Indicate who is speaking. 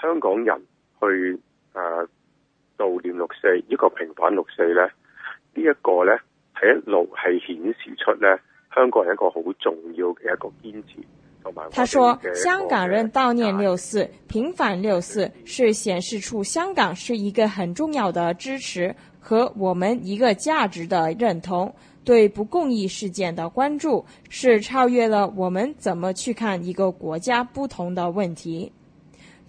Speaker 1: 香港人去誒悼、呃、念六四呢個平反六四咧，這個、呢一個咧係一路係顯示出咧香港係一個好重要嘅一個堅持同埋。佢說香港
Speaker 2: 人悼念六四、平反六四，平反六四是顯示出香港是一個很重要的支持和我們一個價值的認同，對不公義事件的關注是超越了我們怎麼去看一個國家不同的問題。